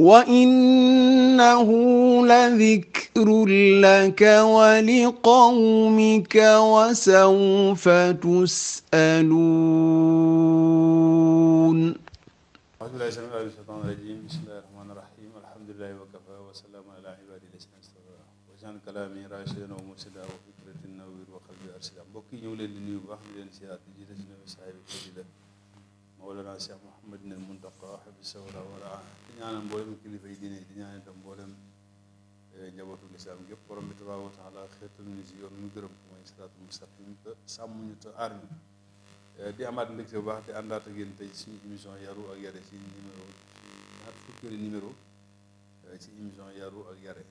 وإنه لذكر لك ولقومك وسوف تسألون أعوذ بالله السميع العليم من الشيطان الرجيم بسم الله الرحمن الرحيم الحمد لله وكفى وسلام على عباده الذين اصطفى وجعل كلامي راشدا ومرشدا وفكرة نوير وقلبي أرشدا mbokk yi ñu ngi leen di nuyu bu baax di leen siyaar di jiite suñu saahibu fadila Mawlana Cheikh Mouhamadinal Mountakha ñaanal mboolem kilifa yi diine di ñaan itam mboolem eh, njabootu lislaam yëpp borom bi tabaaraka wa taala xeetal yoon ñu gërëm ko mooy siraatul mustaqim te sàmm ñu te aar ñu eh, di amaat mbégte bu baax te àndaat ak yéen tey suñu émission yaru ak yare si numéro ñaar fukkeeli numéro eh, ci émission yaru ak yare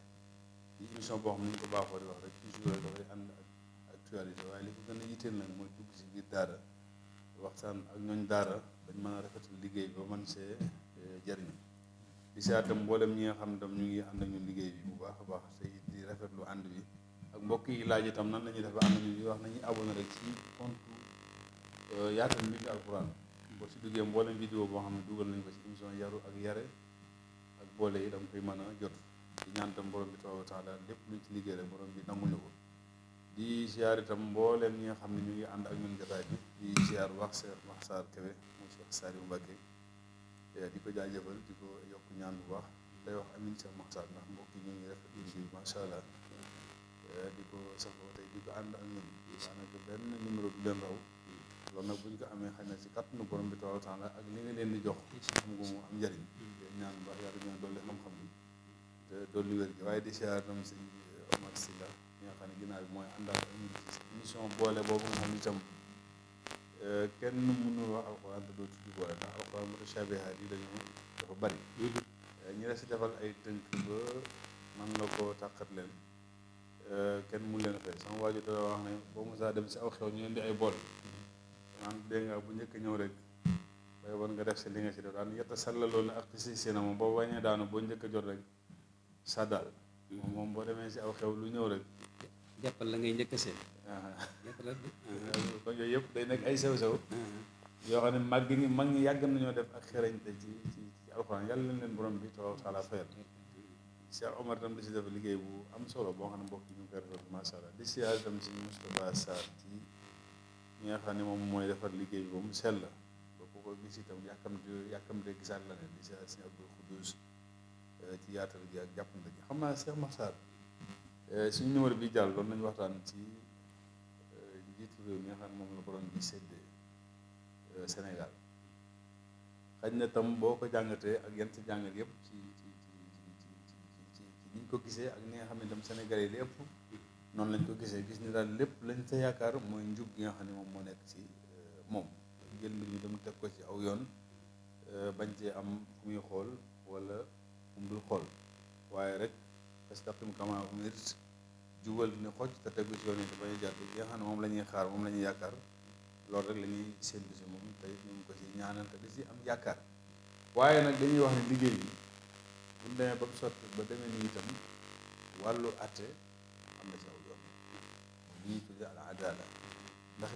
ci émission boo xam ne ñu ko baaxoo wax rek toujours dafay ànd ak actualité waaye li ko gën a yitteel nag mooy dugg si biir daara waxtaan ak ñooñ daara dañ mën a rafetal liggéey ba man see jariñu di saatam mboolem nga xam ne tam ñu ngi ànd ak ñun liggéey bu baax baax te it rafetlu ànd bi mbokk yi laaj itam nan la ñuy def ba ànd ñu wax nañuy abonné rek ci compte euh, yaatal mbindum alxuraan boo ci duggee mboolem vidéo boo xam ne dugal nañ ko ci émission yaru ak yare ak boole yi da koy mën a jot di ñaan tam borom bi tabaaraka wa taala ci liggéey borom bi nangu na ko di siyaar itam mbooleem ñi nga xam ne ñu ngi ànd ak ñun jotaay bi di siyaar wax seer wax saar Kébé mu Cheikh Saliou Mbacké Eh, di ko jaajëfal di ko yokk ñaan bu baax lay wax amin sa maxtaar ndax mbokk yi ñu ngi rafet liggéey bi allah eh, di ko safoo tey di ko ànd ak benn numéro du leen raw loolu nag buñ ko amee xëy na si kàttanu borom bi taala taala ak li leen di jox xam mm. ñaan bu baax yàlla ñaan dolli xam-xam bi te dolli waaye di siyaar tam si Omar Sylla xam ne ginnaaw bi mooy àndaat ak ñun ci boole boobu nga xam ne Euh, kenn mënul wax alxuraan te doo ci ndax alxuraan si euh, defal ay tënk ba man nga ko kenn mun leen fay sama wax ne boo mosaa dem si aw xew ñu leen di ay bool dégg nga bu njëkk ñëw rek bay bon nga def si li nga si def daan yetta salla loolu si séena boo wàññee daanu boo njëkk a rek sàddaal moom boo demee si aw xew lu ñëw rek jàppal la ngay njëkk a seet. jàppal la yooyu yëpp day nekk ay sew-sew. Ah. yoo xam ne màgg ñi mag ñi yàgg nañoo def ak xereñte ci ci ci alxuraan yàlla leen leen borom bi tabaaraka wa taala fayal. Cheikh Omar si def liggéey bu am solo boo xam ne mbokk yi ñu ngi koy rafetlu macha allah di siyaar tam si Moustapha Sarr ci ñi nga xam ne moom mooy defar liggéey bi ba mu sell ba ku ko gis itam yàkkamte yàkkamte gisaat la leen di siyaar si Abdou Khoudous eh, ci yaatal gi ak jàppante gi xam naa Cheikh Massar Eh, suñu numéro bi jàll doon nañu waxtaan ci eh, njiitu réew mi nga xam moom la borom bi séddee eh, Sénégal xaj na tam boo ko jàngatee ak yan sa jàngat yépp ci ci ci ci ci ni ñu ko gisee ak ni nga xam ne tam Sénégal yi lépp noonu lañ ko gisee gis ni daal lépp lañ sa yaakaar mooy njub gi nga xam ne moom moo nekk ci moom jël mbir mi dem teg ko ci aw yoon bañ cee am fu muy xool walla fu mu dul xool waaye rek fastaqim kamaa umirta jubal ni xoj te tegu si yoon yi te bañ xam ne moom la ñuy xaar moom la ñuy yaakaar loolu rek la ñuy séntu si moom te ñu ko si ñaanal si am yaakaar waaye nag dañuy wax ne liggéey bi bu ñu ba mu sotti ba demee nii itam wàllu atte am na si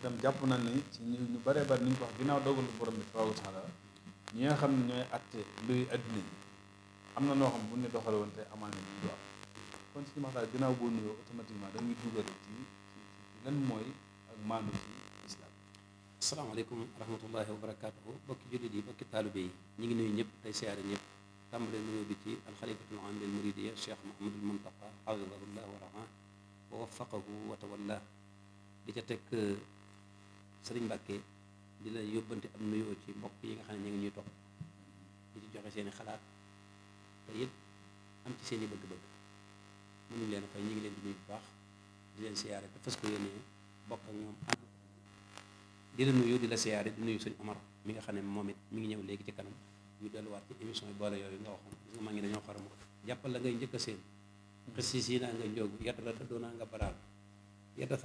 aw jàpp na ni ñu ñu bare bari ni ñu ko wax ginnaaw dogalu borom bi tabaaraka taala ñi nga xam ne ñooy atte luy adduna yi am na noo xam bu ñu doxale woon te amaan na ñu kon suñu maxtaar ginnaaw boo nuyoo dañuy dugal ci lan mooy ak maandu ci islam asalaamaaleykum wa rahmatullahi wa barakaatuhu bokki jullit yi bokki taalibe yi ñu ngi nuyu ñëpp tey siyaare ñëpp tàmbale nuyoo bi ci alxalifatul am lil muridiya cheikh mahamadul muntaqa xafidahullah wa raa wa waffaqahu wa tawalla di ca teg euh, sëriñ Mbàkke di la yóbbante am nuyoo ci mbokk yi nga xam ne ñu ngi ñuy topp di ci joxe seen i xalaat te it am ci seen i bëgg-bëgg mënuñ leen fay ñu ngi leen di bu baax di leen siyaare te fas ko yéenee bokk ak ñoom ànd la nuyu di mi nga xam ne moom it mi ngi ñëw léegi ci kanam ñu delluwaat ci émission yi yooyu nga maa ngi dañoo a seen xis yi naa la da doonaa nga baraal yetta a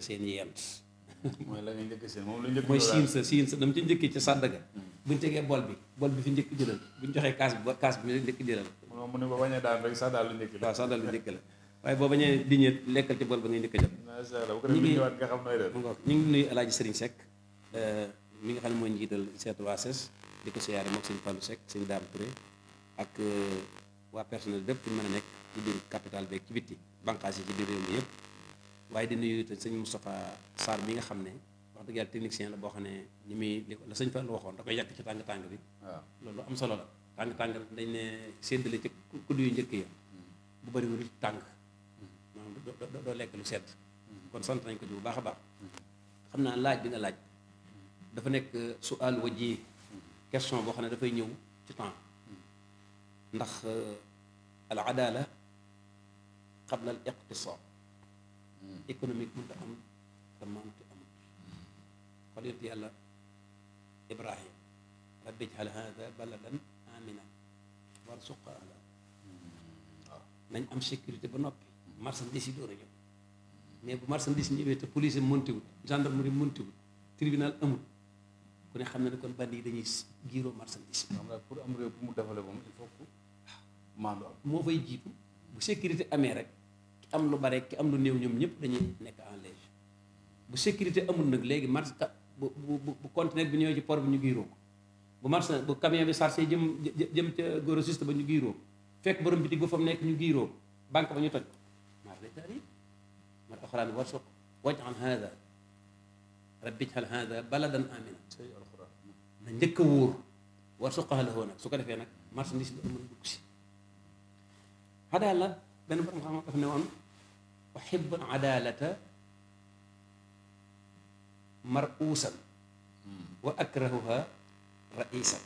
seen yeent mooy la ngay njëkk seen siin sa siin sa dama ci njëkkee ci sàddaga hmm. buñu tegee bol bi bool bi fi njëkk jëlal ñu joxee kaas bi kaas bi njëkk jëlal moom mu ne ba bañee daan rek sax daal lu njëkk la waaye boo bañee diñee lekkal ci bool ba ngay njëkk a jot macha allah bu ko defee ñëwaat ngi euh, mi nga xam ne mooy njiital seet waa ses li ko siyaare moom sëñ Fallou Seck sëñ Dame Touré ak euh, waa personnel bépp ñu mën a nekk ci biir capital beeg ci bitti banqaas yi ci biir réew mi yëpp waaye di nuyu te sëñ Moustapha Sarr mi nga xam ne wax dëgg yàlla technicien la boo xam ne ni muy la sëñ Fallou waxoon da koy yàq ci tàng-tàng bi loolu am solo la tàng tàng dañ ne séddale ci kudd yu njëkk ya bu bëriwul tàng doo lekk lu sedd kon sant nañ ko ci bu baax a baax xam naa laaj bi nga laaj dafa nekk su àll waji question boo xam ne dafay ñëw ci temps ndax euh, al adala qabla al iqtisad économique mënta am te manque amut xool yàlla Ibrahim rabbi ij'al haadha baladan warzuqna halal hmm. waaw nañ am sécurité ba noppi marchandise yi door a ñëw mais bu marchandise ñëwee te police montiwul gendarmerie montiwul tribunal amul ku ne xam ne ne kon bandi yi dañuy giiroo marchandise bi. pour am réew bu mu defalee moom il faut que maandu am. moo fay jiitu bu sécurité amee rek ki am lu bare ki am lu néew ñoom ñëpp dañuy nekk en léegi bu sécurité amul nag léegi marché bu bu bu conteneur bi ñëwee ci port bi ñu giiroo ko. bu marché bu camion bi sarse jëm jëm ca grossiste ba ñu giiroo fekk borom bitig ba fa mu nekk ñu giiroo banque ba ñu toj maa la taarif man alxuraan warsuq wajal hada rabbi jal hada baladan amina na njëkk a wóor warsuqaha lahoo nag su ko defee nag marchandise bi amul dugg si adaala benn borom xam-xam daf ne woon uhibbu adaalata maruusan wa akrahuha ra'isan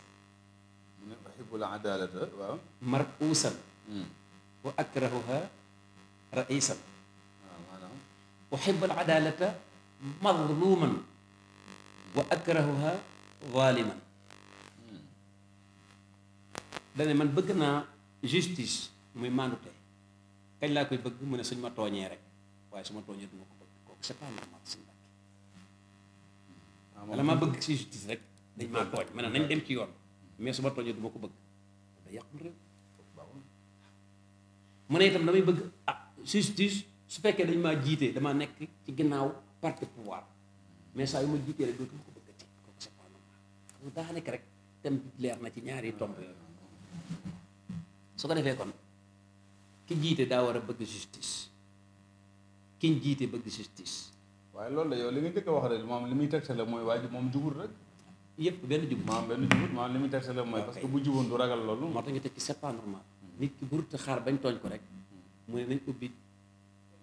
mu ne uhibbu al adalata waaw mar'usan wa akrahuha ra'isan waaw maanaam uhibbu al adalata mazluman wa akrahuha zaliman dane man bëgg naa justice muy maandute kañ laa koy bëgg mu ne suñ ma tooñee rek waaye su ma tooñee du ma ko bëgg kooku c'est pas normal suñ bàkki ah, wala ma bëgg si justice rek dañ maa tooñ ma ne nañ dem ci yoon mais suma ma tooñee du ma ko bëgg day yàqul réew mu ne itam damay bëgg ak ah, justice su fekkee dañ maa jiitee damaa nekk ci ginnaaw parti pouvoir mais saa yu ma jiitee rek dootuma ko daa nekk rek thème leer na ci ñaari tomb su ko defee kon ki jiite daa war a bëgg justice kiñ jiite bëgg justice waaye loolu la yow li nga njëkk a wax rek moom li muy tegtale mooy waa ji moom jugul rek yëpp benn jub maam benn jubut maam li mu teg la mooy parce que bu juboon du ragal loolu moo tax nga teg ci c'est pas normal nit ki burut xaar bañ tooñ ko rek mu ne nañ ubbi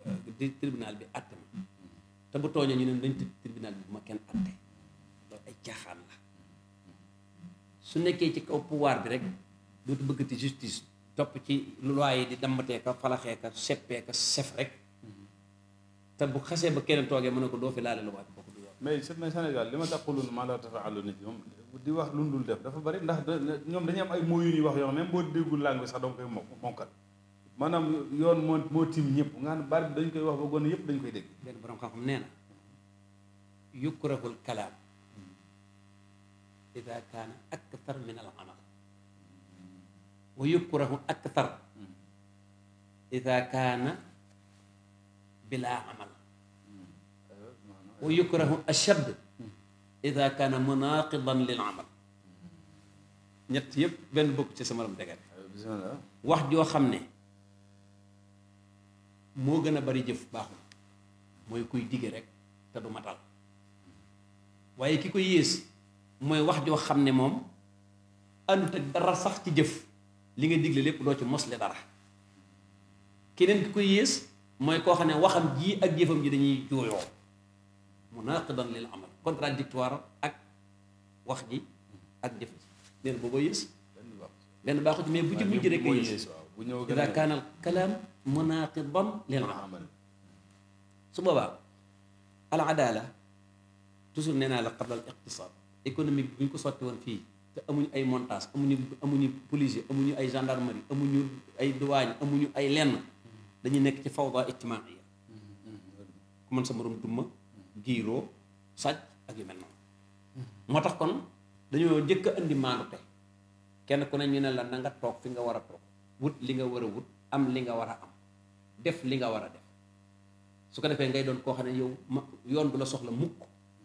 euh, tribunal bi atte ma te bu tooñee ñu ne nañ tëj tribunal bi bu ma kenn atte loolu ay caaxaan la su nekkee ci kaw pouvoir bi rek dootu bëggati justice topp ci loi yi di dambatee ka falaxee ka seppee ka sef rek te bu xasee ba kenn toogee mën ne ko doo fi laale loi bi mais mais Sénégal li ma taqulun maa laa tafaalun ci moom di wax lu dul def dafa bari ndax ñoom dañuy am ay moo yu ñuy wax yoo xam même boo déggul langue bi sax danga koy mokkal maanaam yoon moo moo tim ñëpp nga xam dañ koy wax ba gone yëpp dañ koy dégg. benn borom xam-xam nee na yukrahul kalaam ida kaana akthar min amal wa yukrahu ashad ida kaana munaqidan lil amal ñett yépp benn bokk ci sama ram wax joo xam ne moo gën a bari jëf baaxul kuy dige rek te du matal waaye ki koy yées mooy wax joo xam ne moom àndut ak dara sax ci jëf li nga digle lépp doo ci mosle dara keneen ki koy yées mooy koo xam ne waxam jii ak jëfam ji dañuy jooyoo munaqidan lil amal contradictoire ak wax ji ak jëf ji nee na booboo yées benn baaxu ci mais bu ci mujj kaana al kalaam munaqidan lil amal su boobaa al toujours nee naa la qabla al iqtisaad économique ñu ko sotti woon fii te amuñu ay montage amuñu amuñu policier amuñu ay gendarmerie amuñu ay douane amuñu ay lenn dañu nekk ci fawda ijtimaiya mm-hmm. ku man sa morom dumma giiroo sàcc ak yu mel moo tax kon dañoo njëkk a indi maanute kenn ku nañ ñu ne la na nga toog fi nga war a toog wut li nga war a wut am li nga war a am def li nga war a def su ko defee ngay doon koo xam ne yow ma yoon bu la soxla mukk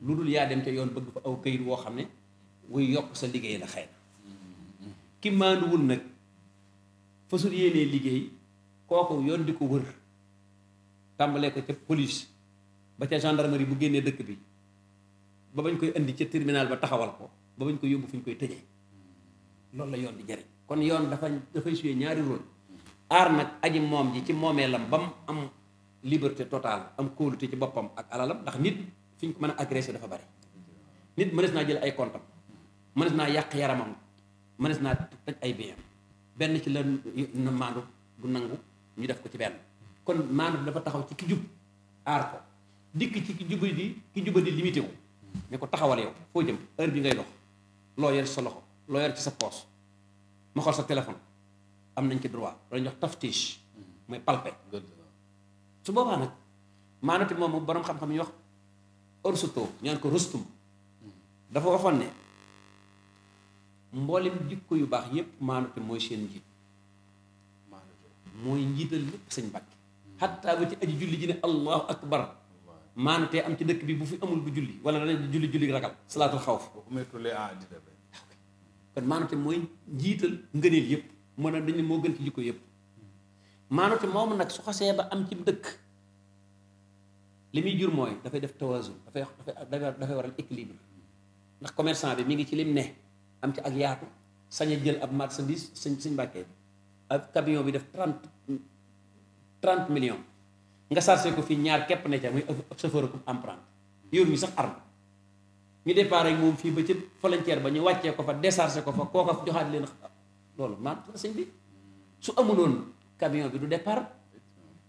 lu dul yaa dem te yoon bëgg fa aw këyit woo xam ne wuy yokk sa liggéey la xëy ki maanduwul nag fasul yéenee liggéey kooku yoon di ko wër tàmbalee ko ca police ba ca gendarmerie bu génnee dëkk bi ba bañ koy indi ca terminal ba taxawal ko ba bañ koy yóbbu fu ñu koy tëjee loolu la yoon bi jariñ kon yoon dafa dafay suyee ñaari rôle aar nag aji moom ji ci moomeelam ba mu am liberté totale am kóolute ci boppam ak alalam ndax nit fi ñu ko mën a agressé dafa bari nit mënees naa jël ay kontam mënees naa yàq yaramam mënees naa tëj ay biyam benn ci la maandu du nangu ñu def ko ci benn kon maandu dafa taxaw ci dikk ci ki jubadi di ki jubadi limité ko ne ko taxawal yow foo jëm heure bi ngay dox loo yor ci sa loxo loo yor ci sa poos ma sa téléphone am nañ ci droit loolu ñuy wax taftiche mooy palpé su boobaa nag maanati moom borom xam-xam yi ko rustum dafa waxoon ne mboolem jikko yu baax yépp maanati mooy seen njiit mooy njiital lépp sañ bàkki xattaa ba ci aji julli ji ne allahu akbar maanatee am ci dëkk bi bu fi amul bu julli wala danañ julli julli ragal salaatul xawf ah, kon maanate mooy njiital ngëneel yëpp mën na dañu moo gën ci jikko yëpp maanate moom nag su xasee ba am ci dëkk li muy jur mooy dafay def tawazun dafay dafay dafay waral équilibre ndax commerçant bi mi ngi ci lim ne am ci ak yaatu sañ a jël ab marchandise sañ sañ mbàkkee ak camion bi def trente trente millions nga chargé ko fii ñaar képp ne ca muy chauffeur ku emprunté yor ñu sax arme ñu départ ak moom fii ba ci frontière ba ñu wàccee ko fa déchargé ko fa kooka joxaat leen loolu man sëñ bi su amuloon camion bi du départ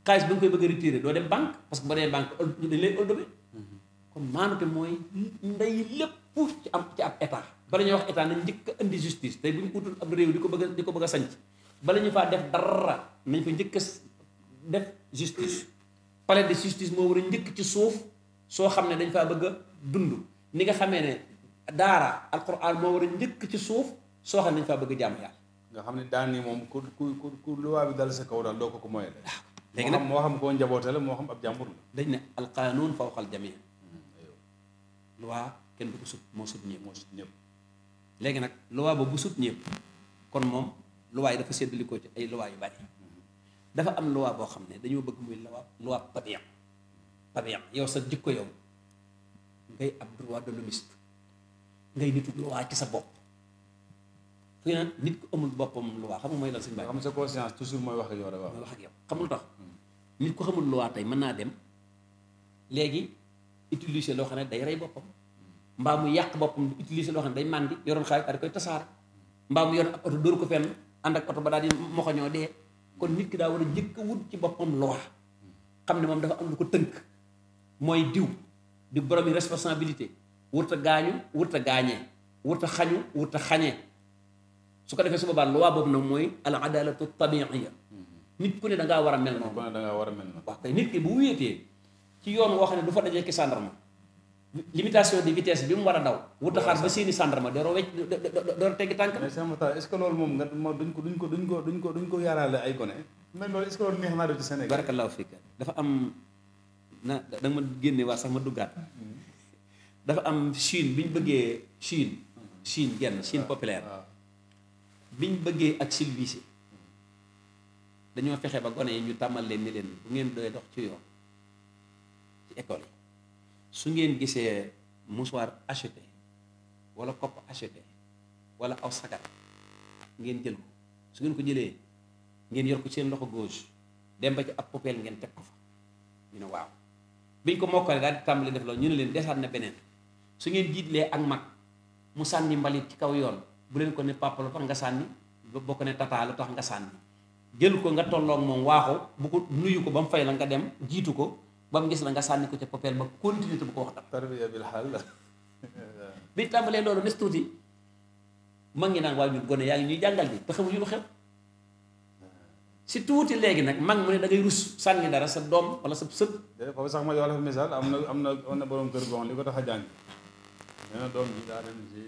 xaalis bi nga koy bëgg a retiré doo dem banque parce que ba dee banque dañ lay ëldobe kon maanute mooy ndey lépp ci am ci ab état bala ñuy wax état nañ njëkk a indi justice tey bu ñu utul ab réew di ko bëgg a di ko bëgg a sanc ñu faa def dara nañ fa njëkk a def palais de justice moo war a njëkk ci suuf soo xam ne dañ faa bëgg dund ni nga xamee ne daara alquran moo war a njëkk ci suuf soo xam ne dañ faa bëgg a jàmm nga xam ne daan ni moom ku ku ku ku luwaa bi dal sa kaw daal doo ko ko moyee. léegi nag moo xam koo njaboote la moo xam ab jàmbur la. ne alqaanuun fawqal jamii. luwaa hmm, kenn du ko sut moo sut ñëpp moo sut ñëpp. léegi nag luwaa boobu bu sut ñëpp kon moom luwaa yi dafa séddalikoo ci ay luwaa yu bari. dafa am loi boo xam ne dañoo bëgg muy loi loi pabian pabian yow sa jikko yow ngay ab droit de l'hommiste ngay nitu loi ci sa bopp fu ñu naan nit ku amul boppam loi xam nga mooy lan suñu bàyyi. xam sa conscience toujours mooy wax ak yow rek waaw. wax ak yow xam nit ku xamul loi tey mën naa dem léegi utiliser loo xam ne day rey boppam mbaa mu yàq boppam di loo xam ne day màndi yoroon xaalis daal di koy tasaare mbaa mu yoroon ab oto dóor ko fenn ànd ak oto ba daal di moxoñoo dee. kon nit ki daa war a njëkk wut ci boppam loi xam ne moom dafa am lu ko tënk mooy diw di boromi responsabilité wut a gaañu wut a gaañee wut a xañu wut a xañee su ko defee su boobaa loi boobu nag mooy al adalatu tabiiya nit ku ne da ngaa war a mel noonu. da ngaa war a mel noonu. waaw kay nit ki bu wéetee ci yoon woo xam ne du fa dajee ki sàndarma limitation de vitesse bi mu war a daw. wut a xaar ba seeni sàndarma doora wecc doora teggi tànk. mais sama taal est-ce que loolu moom nga duñ ko duñ ko duñ ko duñ ko ko yaaraale ay gone. mais loolu est-ce que loolu neex naa def dafa am na da nga ma génne waa sax ma duggaat. Hmm. dafa am Chine bi ñu bëggee Chine. Chine genn Chine ah, populaire. bi ñu bëggee ak civilisé. dañoo fexe ba gone yi ñu tàmmal leen ni leen bu ngeen doy dox ci yoon école su ngeen gisee mouchoir acheté wala kopp acheté wala aw sagar ngeen jël ko su ngeen ko jëlee ngeen yor ko seen loxo gauche dem ba ci ab poubelle ngeen teg ko fa ñu ne waaw biñ ko mokkale daal di tàmbali def loolu ñu ne leen desaat na beneen su ngeen jiitlee ak mag mu sànni mbalit ci kaw yoon bu leen ko ne papa lu tax nga sànni boo ko ne tata lu tax nga sànni jël ko nga tolloog moom waaxu bu ko nuyu ko ba mu fay la nga dem jiitu ko ba mu gis la nga sànni ko ca popeel ba continué te bu ko wax tam bi tàmbalee loolu nes tuuti mag ngi naan waaye ñun gone yaa ngi ñuy jàngal bi te xamuñu lu xew si tuuti léegi nag mag mu ne da ngay rus sànni dara sa doom wala sa sët foofu eh, sax ma jox la misaal am na am na am borom kër goon li ko tax a jàng nee na doom ji daa dem si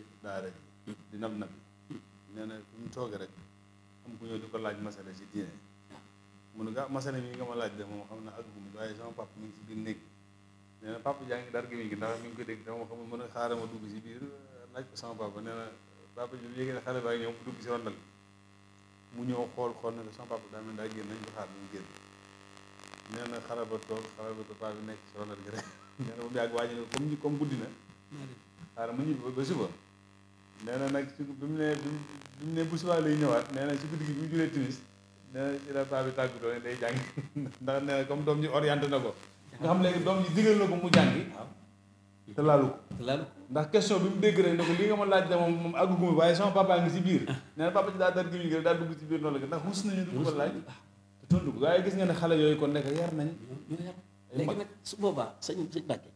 di nab nab nee na fu mu toogee rek am ku ñëw di ko laaj masala si diine mu ne ah masane mi nga ma laaj de moom xam naa ak ko dégg dama a xaaral ma dugg si biir laaj ko mu ñëw xool xool ne sama papa daa mel daa génn nañ ko xaar mu génn nee na xale ba toog xale ba papa bi nekk si rondal gi rek nee na ba mu yàgg waa ji ne comme na xaaral ma ñibbi ba suba nee na nag su bi mu ne bi mu ne bu subaa lay ñëwaat nee na si guddi gi bi mu juree timis nee ci la paa bi tàggatoo ne day jàng ndax nee comme doom ji orienté na ko nga xam léegi doom ji digal na ko mu jàngi te laalu ko ndax question bi mu dégg rek ne ko li nga ma laaj moom moom àgguguma waaye sama papa si biir ah. nee daa dar gimiñ gi daa dugg si biir noonu la ndax rus nañu waaye gis nga ne xale yooyu kon nekk yar nañ léegi nag su boobaa sañ sañ bàkke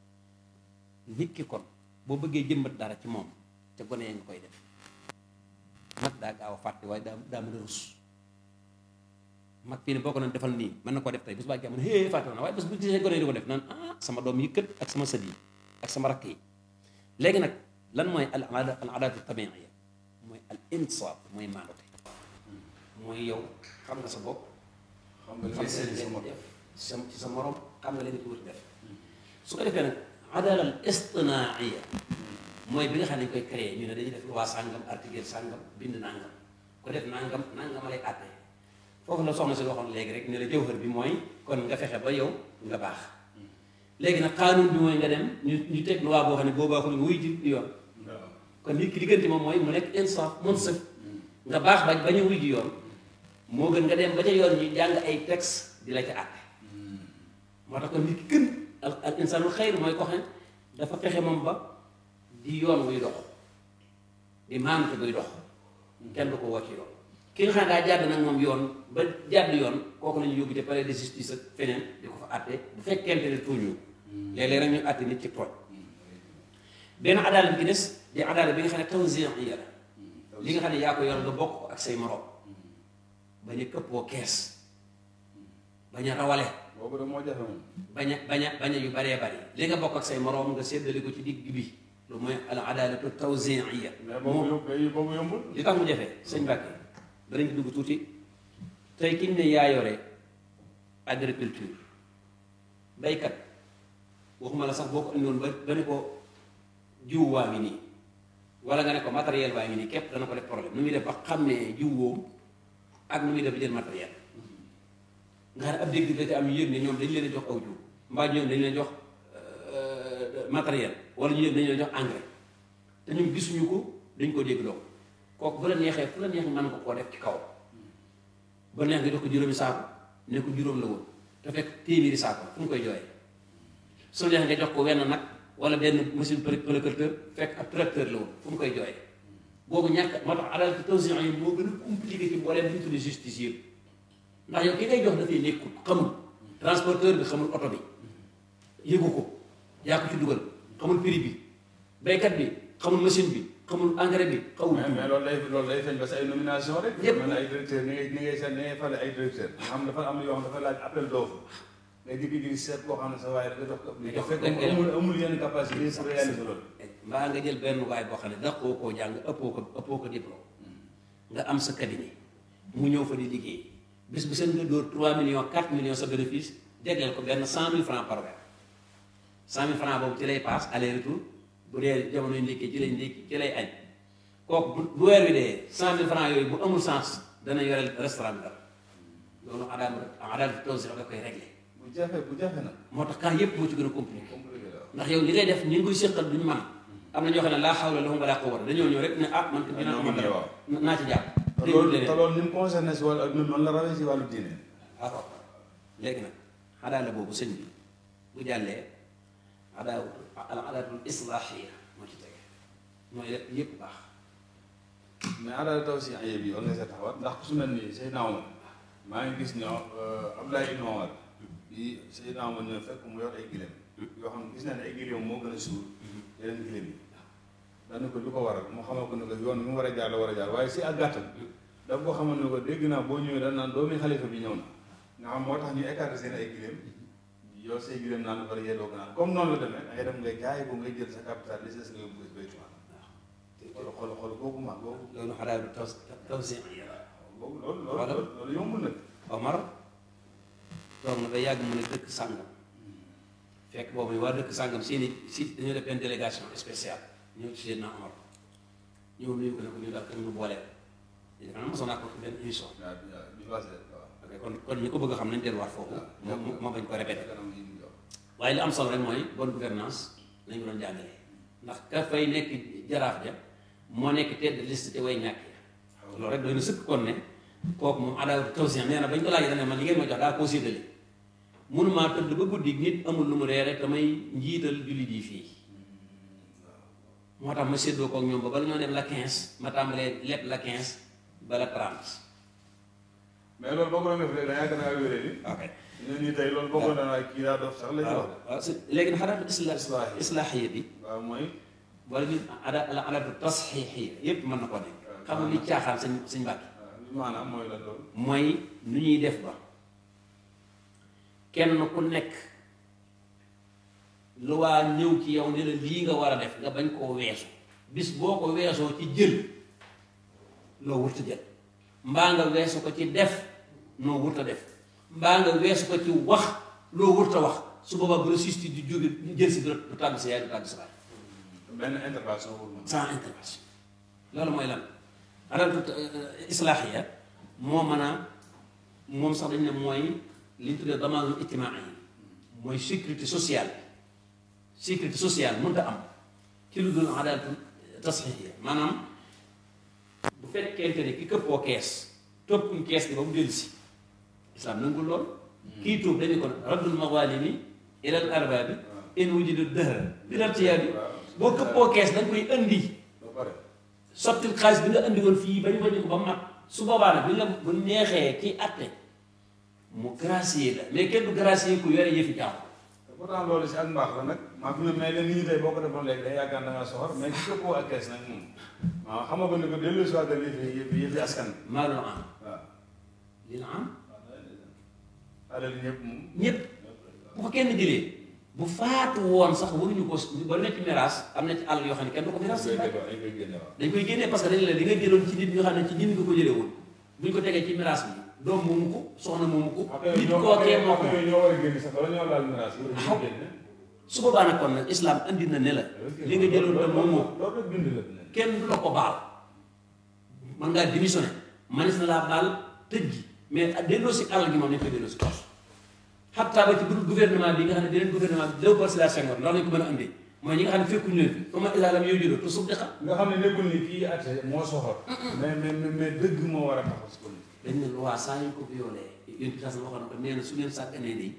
nit ki kon boo bëggee jëmbat dara ci moom te gone ya nga koy def nag daa gaaw a fàtte waaye daa daa mën a rus mag fii ne boo ko doon defal nii mën na koo def tey bu subaa jàmm ne hee fàtte na waaye bés bu gisee gone di ko def naan ah sama doom yi kët ak sama sët yi ak sama rakk yi léegi nag lan mooy al al adatu tabiiya mooy al insaaf mooy maandute mooy yow xam nga sa bopp xam nga seen ci sa morom xam nga leen ci wut def su ko defee nag adala al istinaaiya mooy bi nga xam ne dañ koy créé ñu ne dañuy def loi sàngam article sàngam bind nangam ko def nangam nangam lay àtte foofu la soxna si waxoon léegi rek ne la jëwhër bi mooy kon nga fexe ba yow nga baax léegi nag xaanuun bi mooy nga dem ñu ñu teg loi boo xam ne boo baaxul nga wuy ji yoon kon nit ki diggante moom mooy mu nekk insaf mun sëf nga baax ba bañ a wuy ji yoon moo gën nga dem ba ca yoon ñu jàng ay texte di la ca àtte moo tax kon nit ki gën al insaanul xayr mooy ko dafa fexe moom ba di yoon wuy dox di maamte buy dox kenn du ko woo ci yoon li nga xam ne daa jàdd nag moom yoon ba jàdd yoon kooku la ñu yóbbu te palais de justice ak feneen di ko fa àtte bu fekkente ne tooñu hmm. léeg-léeg rek ñu àtte nit ci tooñ benn adaala bi ci des di adaala bi nga xam ne tawziya la hmm. li nga xam ne yaa ko yor nga bokk ko ak say morom hmm. bañ këppoo kees bañ a rawale boobu de moo jafe moom a a bañ yu baree bari li nga bokk ak say morom nga séddale ko ci digg bi lu mooy al adaalatu tawziya moom boobu yombul li tax mu jafe sëñ Mbàkke danañ ci dugg tuuti tey kiñ ne yaa yore agriculture baykat waxuma la sax boo ko indiwoon ba ba ne ko jiw waa ngi nii wala nga ne ko matériel waa ngi nii képp dana ko def problème nu muy def ba xam ne jiw woom ak nu ngi def jël matériel nga xam ne dégg da am ñu yëg ne ñoom dañu leen jox aw jiw mbaa ñoom dañu leen jox euh, matériel wala ñu yëg dañu leen jox engrais te ñun gisuñu ko dañ koo dégg doom kooku bu la neexee fu la neex mën koo def ci kaw ba neex nga def ko juróomi saako ne ko juróom la woon te fekk téeméeri saako fu mu koy jooyee su neex nga jox ko wenn nag wala benn machine pëlëkëlteur fekk ab tracteur la woon fu mu koy jooyee boobu ñàkk moo tax alal ci tension yi moo gën a compliqué ci mbooleem bi ñu tuddee justice yëpp ndax yow ki ngay jox dafay nekkul xamul transporteur bi xamul oto bi yëgu ko yaa ko ci dugal xamul prix bi baykat bi xamul machine bi xamul engrais bi xawul. mais loolu lay loolu ba si ay nomination rek. ñëpp am yoo xam dafa laaj appel d'offre nga jékki da nga jox ko. da fekk amul amul yenn capacité pour réaliser loolu. Eh, mbaa nga jël benn waay boo xam ne dax koo koo jàng ëppoo ko ëppoo ko diplôme. nga am sa cabinet mu ñëw fa di liggéey bis bu seen nga dóor 3 millions 4 millions sa bénéfice dégleel ko benn 100000 francs par weer 100000 francs boobu ci lay paas aller retour. bu dee jamono ndékki ci lay ndékki ci lay añ kooku bu weer wi dee cent mille yooyu bu amul sens dana yore restaurant bi dara loolu adam adam tawsiq da koy réglé bu jafe moo tax cas yëpp moo ci gën a compliqué ndax yow li def ñi ngi koy séqal duñu mën am na ñoo ne laa xawla lahum wala quwwata dañoo ñëw rek ne ah man ko dina amal dara naa ci jàpp te loolu ni si wàllu adduna noonu la rawee si wàllu diine d'accord léegi nag xadaala boobu sëñ bi bu jàllee ada al adatul islaaxiya moo ci tege mooy def yëpp baax mais adatul tawsiiya bi war nga su mel maa ngi gis ñoo euh, Abdoulaye ibn Omar bi Seydina Omar ñoo fekk mu yor ay gileem yoo xam ne gis ne ay gileem moo gën a suur ko lu ko waral mu xamal ko ne yoon mu war a jaar la war a jaar waaye si ak gàttal daf ko xamal ne ko dégg naa boo ñëwee dañ naan doomi xalifa bi ñëw na nga xam moo tax ñu écarté seen ay gileem yow say gileem naan bari yee doog naan comme noonu la demee da ngay dem nga jaay ko nga jël sa capital li nga yóbbu ko baytumaan. waaw xool xool kooku ma kooku. loolu nag. yàgg mu ne dëkk sàngam fekk boobu waa dëkk sàngam seen i si dañoo def benn délégation spéciale ñëw ci Seydina Omar ñëw nuyu ko ne ko ñu daal kañ booleel. yéen a ah, ngi mosoon naa ko benn émission. kon kon ñu ko bëgg xam nañ delluwaat foofu moo moo bañ ko répété waaye li am solo rek mooy bonne gouvernance nañ ko doon jàngale ndax ka fay nekk jaraaf ja moo nekk tête de liste te way ñàkk loolu rek ne kooku moom adawatu tawsin nee na bañ ko laajee dane man li ngeen ma jox daa considéré mënumaa tëdd ba guddi nit amul lu mu reere damay njiital jullit yi fii moo tax ma séddoo kook ñoom ba bala ñoo dem la 15 ma tàmbalee lepp la 15 ba la mais loolu boo ko doon a wéree bi. ok ñu ne tey loolu boo ko doon kii daa dof sax la ñu wax. Ah, waaw léegi nag xanaa isla islaaxiya bi. mooy. wala ñu ada ala ala tasxiixiya mën na koo nekk. Ah, xam nga li sañ sañ ah, mooy la nu ñuy def ba kenn ku nekk lu waa ñëw ci yow ne la lii nga war a def nga bañ koo weesu. bis boo ko weesoo ci jël loo wut jël. mbaa nga weesu ko ci def. noo wurta def mbaa nga weesu ko ci wax loo wurta wax su boobaa bu la susti di jóge jël si du tàgg sa yaay du tàgg sa baay loolu mooy lan adaltu euh, islaaxiya moo moom sax dañ ne mooy li ñu tuddee damaanul ijtimaai mooy sécurité sociale sécurité sociale mënta am ci lu dul adaltu tasxiixiya maanaam bu fekkente ne ki këppoo kees toppuñ kees gi ba mu dellu si islam nangul lool kii tuub dañu ko raddul mawaalimi ilal arbaabi bi dartiyaabi boo këppoo kees da nga koy andi sottil xaalis bi nga andi woon fii bañu bañu ko su boobaa nag bi nga bu neexee kii atte mu gracier la mais kenn du gracier ku yore yëfi jàmm loolu si la nag maa fi boo ko defoon léegi day yaakaar da ngaa soxor mais ko ak kees nag moom waaw xam nga ko ni ko dellu si waatal yëfi askan maa doon am alal ñëpp moom ñëpp bu ko kenn jëlee bu faatu woon sax waruñu ko ba nekk ci miraas am na àll yoo xam ne kenn du ko miraas dañ koy génnee parce que dañ la li nga jëloon ci nit ñoo xam ne ci nit nga ko jëlee woon buñ ko tegee ci miraas kon nag islam andi na ne la. li nga jëloon doom moom moo ko kenn du la ko baal. mën ngaa démissionné manis na laa baal tëj gi. mais delloo si alal gi moom nañ koy si force xattaa ci bu gouvernement bi nga xam ne beneen gouvernement bi Léopold Sédar Senghor ndax lañ ko mën a andee mooy ñi nga xam ne nekkul ni kii atte moo soxor mais mais mais dëgg moo war a taxaw si ko violé yéen su ngeen sàkk année nii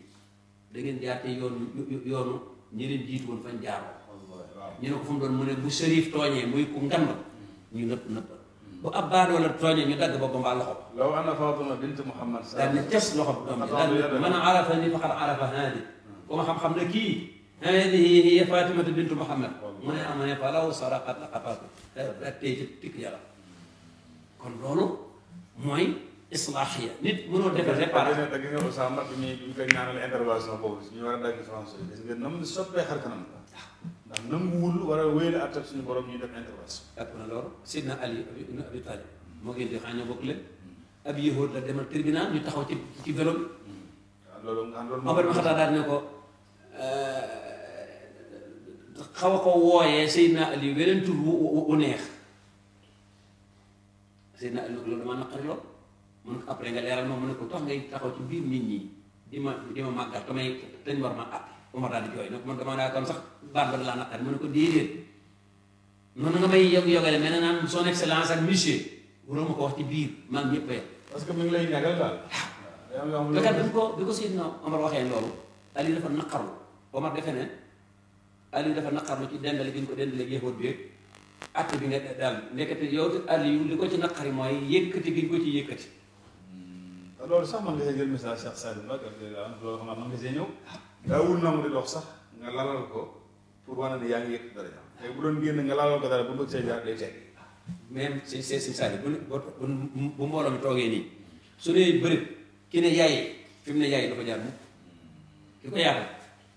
da ngeen jaar te yoonu yoonu ñi leen jiitu woon fañ ñu ne ko fu mu doon mu ne bu sërif tooñee muy ku ngand ñu nëpp nëpp bu ab baadoo la tooñee ñu dagg boppam mbaa loxo. law anna Fatima bint Muhammad. daal ne ces loxo doom bi daal man arafa ni faqad arafa haadi ku ma xam-xam ne kii. haadihi hiya Fatimatu bintu Muhammad. mu ne am kon loolu mooy islaaxiya nit mënoo defal réparation. da nga ne da nga ne Ousmane ñu koy a dagg France gis nga nam nanguwul war a wéyal àttab suñu borom ñuy def intervention. jàpp na loolu Sidna Ali ibn Abi Talib moo gën di xaañ a bokk leen ab yéexoot la demal tribunal ñu taxaw ci ci vélo bi. ko euh, xaw a ko neex Sidna Ali loolu dama naqari lool après nga leeral moom mu ne ko tax ngay taxaw ci biir nit ñi di ma di ma màggal damay dañ war ma àpp. Omar daal di jooy nag man damaa daa kon sax baat ba da laa naqari mu ne ko déedéet noonu nga may yog yogale mel na naan son excellence ak monsieur waroo ma ko wax ci biir maa ngi ñëpp a parce que mi ngi lay negal daal. waaw ah. kat bi ko bi ko Seydina Omar waxee loolu Ali dafa naqarlu Omar defe ne Ali dafa naqarlu ci dendale gi ñu ko dendalee yéexoot bi att bi nga daal nekkati yow Aliou li ko ci naqari mooy yëkkati gi ñu ko ci yëkkati. Hmm. loolu sax man nga see jël message Cheikh Salim Mbacké loolu xam nga man nga see ñëw. Ah. daawul nangu di dox sax nga lalal ko pour wane ne yaa ngi yëg dara ñaaw tey bu doon génn nga lalal ko dara bu bëgg see jaar day teg même si si si saali bu bu mbooloo mi toogee nii su dee bërëb ki ne yaay fi mu ne yaay du ko jaar mu ki ko yaatal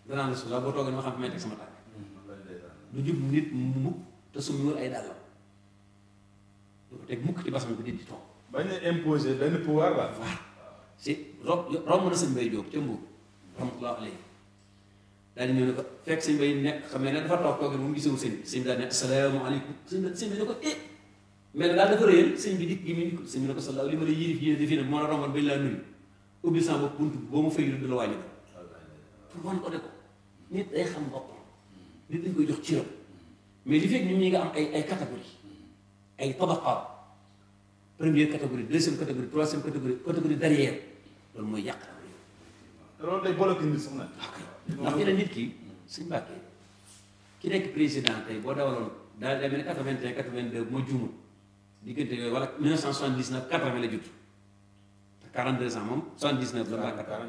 danaa ne su la boo toogee ni ma xam fi may teg sama tànk lu jub nit mukk te su mu ay dàllam du ko teg mukk ci basam bi nit di toog. bañ a imposer benn pouvoir la. waaw si romb na sa mbay jóob ca Mbour. rahmatulah aleyhi. daal di ñëw ne ko fekk sëñ bay nekk xam ne dafa toog kooku mu gisewul sëñ bi sëñ bi daal ne asalaamaaleykum sëñ bi sëñ ne ko eh mais daal dafa réyal sëñ bi dikk gi muy dikk sëñ bi ne ko sallaaw li ma la yilif yéen defi ne moo la romboon bañ laa nuyu ubbi sama bopp boo ma fay du la wàññi ko pour wan ko ne ko nit day xam bopp nit dañ koy jox ci yow mais li fekk ñun ñi nga am ay ay catégorie ay tabaqaat première catégorie deuxième catégorie troisième catégorie catégorie derrière loolu mooy yàq te loolu day bolok nit sax nag. ndax fi ne nit ki suñu mbàkkee ki nekk président tey boo dawaloon daal day mel ne 81 82 bu ma juumul diggante yooyu wala 1979 80 la judd te 42 ans moom 79 la. 44 ans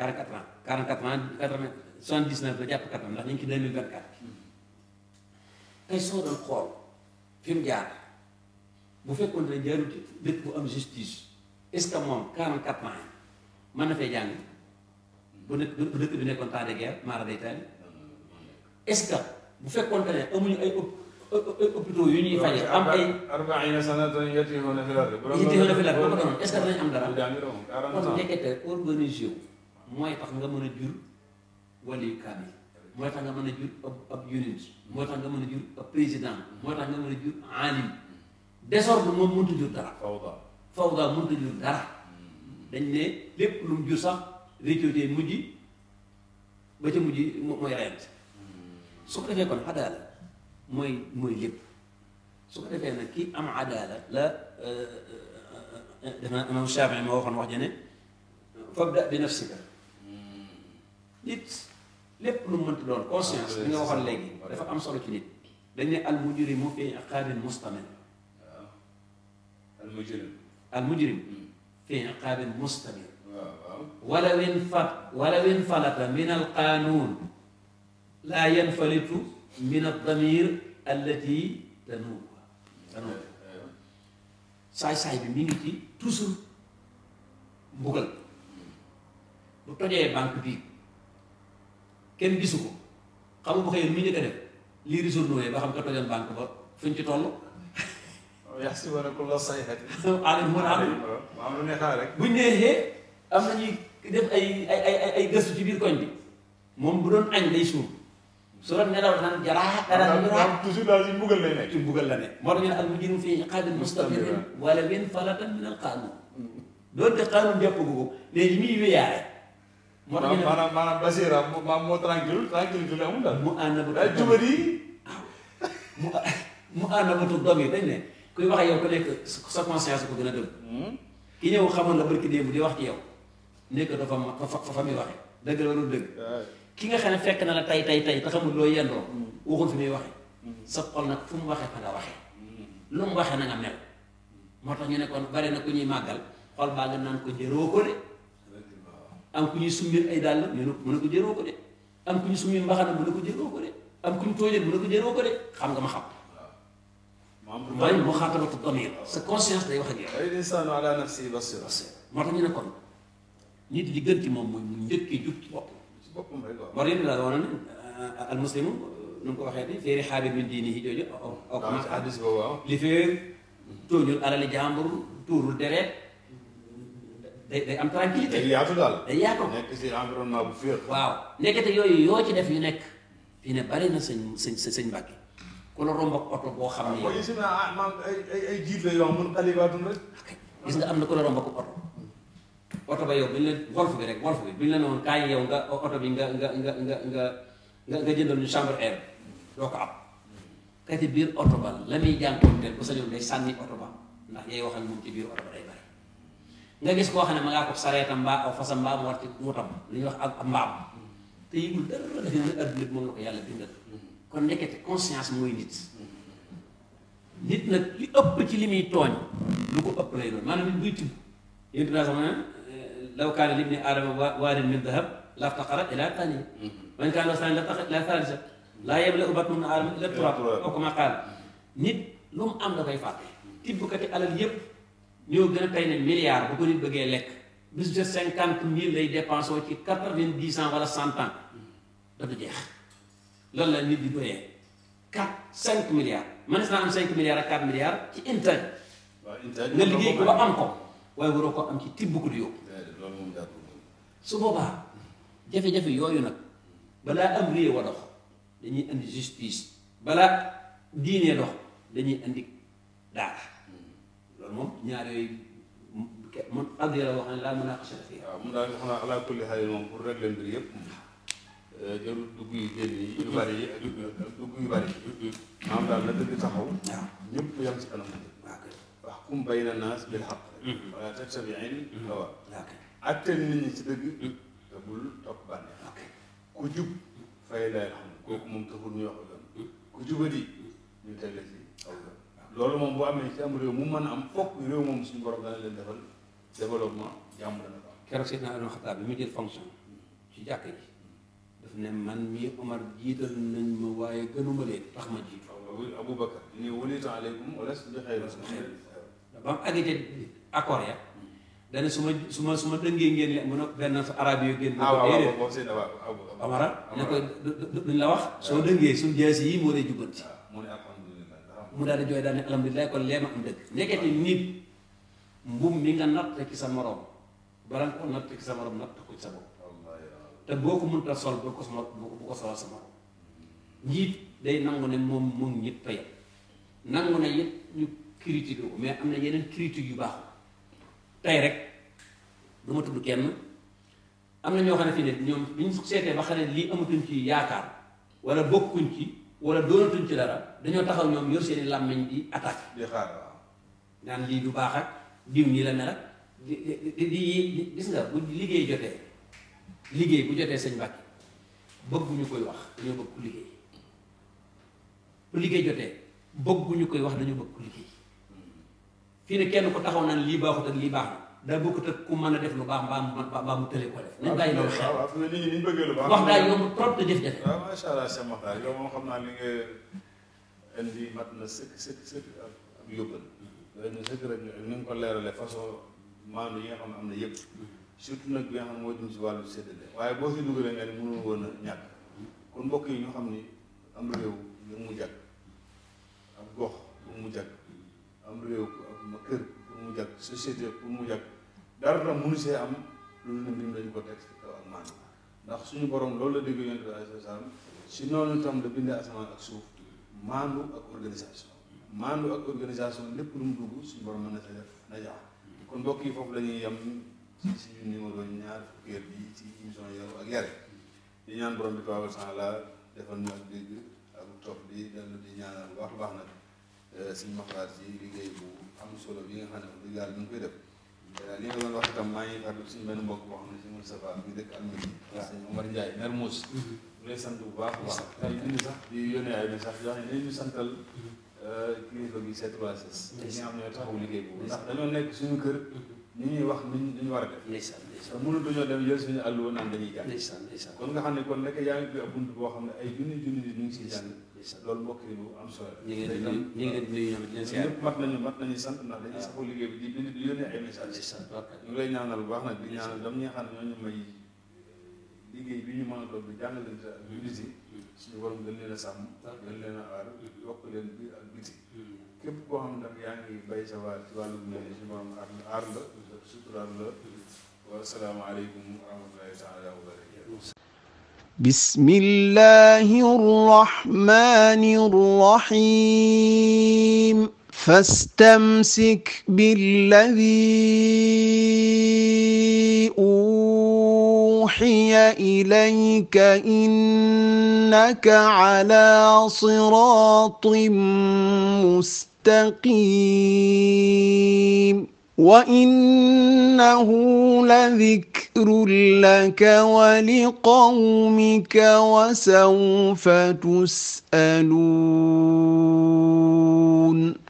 44 ans 44 ans 80 79 la jàpp 80 ndax ñu ngi ci 2024. tey soo doon xool fi mu jaar bu fekkoon ne jaarut dëkk bu am justice est-ce que moom 44 ans mën na fay jàng. bu nekk bu dëkk bi nekkoon temps de guerre mara day taali est-ce que bu fekkoonte ne amuñu ay hôpitaux yu ñuy faje am ay arbaina sanatan yatihuna fi lardi boo ko doon est-ce que danañ am dara kon nekkete organisé mooy tax nga mën a jur waliyu kaamil mooy tax nga mën a jur ab unit mooy tax nga mën a jur ab président mooy tax nga mën a jur alim désordre moom mënut a jur dara fawda fawda mënut a jur dara dañ ne lépp lu mu jur sax véhiculé mujj ba ca mujj mooy rayante su ko defee kon adaala mooy mooy lépp su ko defee nag ki am adaala la dafa euh, euh, euh, imaam Shaafi'i moo waxoon wax jene fabda bi nafsika nit lépp lu mënti doon conscience bi nga waxoon dafa am solo ci nit dañ ne al mujrimu fi iqaabin mustamir wala win fa wala win falata min al qaanuun laa min al damir allati tanuub saay-saay bi mi ngi ci toujours mbugal bu tojee banque bii kenn gisu ko xamul bu xëyoon mi ñu def lii risournoyee ba xam ko tojoon banque ba fuñ ci toll mu neexee am na def ay ay ay ay gëstu ci biir koñ bi moom bu doon añ day suur su doon nelaw naan jaraax dara jaraax toujours daal ci mbugal lay nekk ci mbugal la ne moo tax ñu ne al mujrimu fii benn falatan min al qaanuun doonte qaanuun jàpp ko léegi muy moo tax ñu moo tranquille tranquille amul daal mu ànd ba daal jubadi mu mu ànd ba tudd doom yi dañ ne kuy wax yow ku nekk sa conscience ko gën a dëgg hmm? ki ñëw xamoon la barki démb di wax ci yow nekk dafa ma fa fa fa muy waxee dëgg la warul dëgg ki nga xam ne fekk na la tey tey tey te xamul loo yendoo mm. waxul fi muy waxee mm. sa xol nag fu mu waxee fa nga mm. lu mu waxee na nga mel moo tax ñu ne kon na ku ñuy màggal xol baa nga naan ko jëroo ko de am ku ay dàll ñu ko jëroo ñu summir mbaxana ne ko jëroo ku ñu toojal mu ne ko jëroo ko de xam nga ma xam mooy mu xaatabatu damir sa conscience day wax ak yow moo tax ñu ne kon nit li gën ci moom mooy mu njëkkee jub ci boppam. ci boppam rek waaw war nañu la ne ah, al nu mu ko waxee nii feeri xaabir min diinihi jooju. waaw ah, xaabis boobu waaw li fee tooñul alali jàmbur tuurul deret day day am tranquillité. day yaatu daal day yaatu. nekk si environnement bu féex. waaw yooyu yoo ci def yi nekk fii ne bari na sëñ sëñ sëñ Mbàkke ku la romb ak oto boo xam ne. waaw ah, mooy gis naa ah ay jiit la yoo mun xalibaatun rek. gis nga am na ku la romb ak oto. oto ba yow bu ñu la golf bi rek golf bi bu ñu la ne woon kaay yow nga oto bi nga nga nga nga nga nga jëndal ñu chambre air doo ko am kati biir oto ba la muy jànkuwanteel bu sañoon day sànni oto ba ndax yay waxal moom ci biir oto ba day bari nga gis koo xam ne ma ngaa ko sareetam mbaa aw fasam mbaa mu war ci wutam li ñu wax ak mbaam te yëgul dara dafe na adduna bi moom la ko yàlla bindal kon ndekete conscience mooy nit nit nag li ëpp ci li muy tooñ lu laa yabla batnun aadama illa turaab wa kama qaala nit bu cinquante mille lay dépensé ci quatre vingt dix ans wala cent ans da du jeex loolu la nit di doyee quatre cinq milliards mënees naa am cinq milliards ak milliards ci intérêt nga liggéey ko ba am ko waaye waroo ko am ci tibb ko di yóbbu su boobaa jafe-jafe yooyu nag balaa am réew a dox dañuy indi justice balaa diinee dox dañuy indi daara loolu moom ñaar yooyu mun addi la wax ne laa mën a xasal fii waaw moom pour régler mbir yëpp euh, jarul dugg yu génn yu bari yi dugg yu bari maam daal na dëgg taxaw ñëpp yam si kanam waaw kum bayna naas bil xaq hmm. wala tattabiin hawa attel nit ci dëgg te bul topp bànneex ku jub fay lay xam kooku moom taxul ñuy wax yoon ñu teg la ci loolu moom bu amee ci am réew mu mën a am fokk réew moom suñu borom dana leen defal développement jàmm dana ko am keroog Seydina bi mu jël fonction ci jàkk ji daf ne man mii Omar jiital nañ ma waaye gënuma leen tax ma jiitu ba mu àggee ca accord ya dana su ma su ma su ma dëngee ngeen leen mu ne benn arab yu génn. ah waaw waaw amara ne ko la wax. soo dëngee suñ jaasi yi moo lay jubbanti. Ah, mu daal di jooy daal ne alhamdulilah kon lee ma am dëgg. nekkati nit mi nga natt ci sa morom bala nga sa morom natt sa te boo ko mënta sol sol boo ko solal sa morom. njiit day nangu ne a nangu ne am na yeneen critique yu baax. tey rek du tudd kenn am na ñoo xam ne fi ne ñoom bi ñu seetee ba xam lii amatuñ ci yaakaar wala bokkuñ ci wala doonatuñ ci dara dañoo taxaw ñoom yor seen i làmmiñ di attaque. di xaar waaw naan lii diw nii la mel ak di di di gis nga bu liggéey jotee liggéey bu jotee sëñ Mbàkke bëgguñu koy wax dañoo bëgg ku liggéey bu liggéey jotee bëgguñu koy wax dañoo bëgg ku liggéey. fii ne kenn ko taxaw naan lii baaxut ak lii baax na daa bokkut ak ku mën a def lu baax mbaa mu mbaa mu tële ko def xam naa li nga indi mat ko leerale façon maanu yi nga xam ne am na yëpp surtout moo jëm si wàllu waaye boo si dugalee nga ne mënul woon ñàkk kon mbokk yi ñu xam ni am réew lu mu mu jàkk am réew ma kër pour mu jàkk société pour mu jàkk dara mënu see am loolu ne mbir dañu ko teg ci kaw ak maan ndax suñu borom loolu la dégg yonent bi si noonu tam la bindee ak suuf maandu ak organisation maandu ak organisation lépp lu mu dugg suñu borom mën na sa def najaa kon mbokk yi foofu lañuy ñuy yem suñu numéro ñaar fukkeel bi ci émission yaru ak yare di ñaan borom bi tabaaraka wa taala defal ñu ak dégg ak topp di dellu di ñaanal bu baax na baax Euh, suñu maxlaat ci liggéey bu am solo bi nga xam ne moom daal ñu koy def euh, li nga doon wax itam maa ngi fàttali suñu benn mbokk boo xam ne si Moustapha mi dëkk Almadi sëñ Omar Ndiaye Mermoz mhm. ñu lay sant bu baax a baax tey bind sax di yónnee ay message yoo xam ne ñu santal mhm. euh, kilifa gi C3S ñi nga kër mhm. ñu ñuy wax ni ñu war a def. ndeysaan ndeysaan mënu dañoo dem jël suñu àll naan dañuy jàng. kon nga xam ne kon nekk yaa ngi koy ab bunt boo xam ne ay junni junni nit ñu ngi si jàng. loolu mbokk yi lu am solo la. ñu ngi leen di ñu ngi leen di nuyu ñoom it ñëpp mat nañu mat nañu sant ndax dañuy saxoo bi ay messages. ñu ngi bu baax nag di ñaanal dam ñi nga ne ñooñu may liggéey bi ñu mën a doon bi jàngalante ak mm-hmm. unité mm-hmm. suñu borom gën leen a sàmm gën leen a aar yokk leen bi ak biti mm-hmm. képp koo xam nag yaa ngi bay sa waa ci wàllu mel ni suñu borom aar aar la suturaal la wa salaamaaleykum wa rahmatullahi taala wa barakatuh بسم الله الرحمن الرحيم فاستمسك بالذي اوحي اليك انك على صراط مستقيم مستقيم وانه لذكر لك ولقومك وسوف تسالون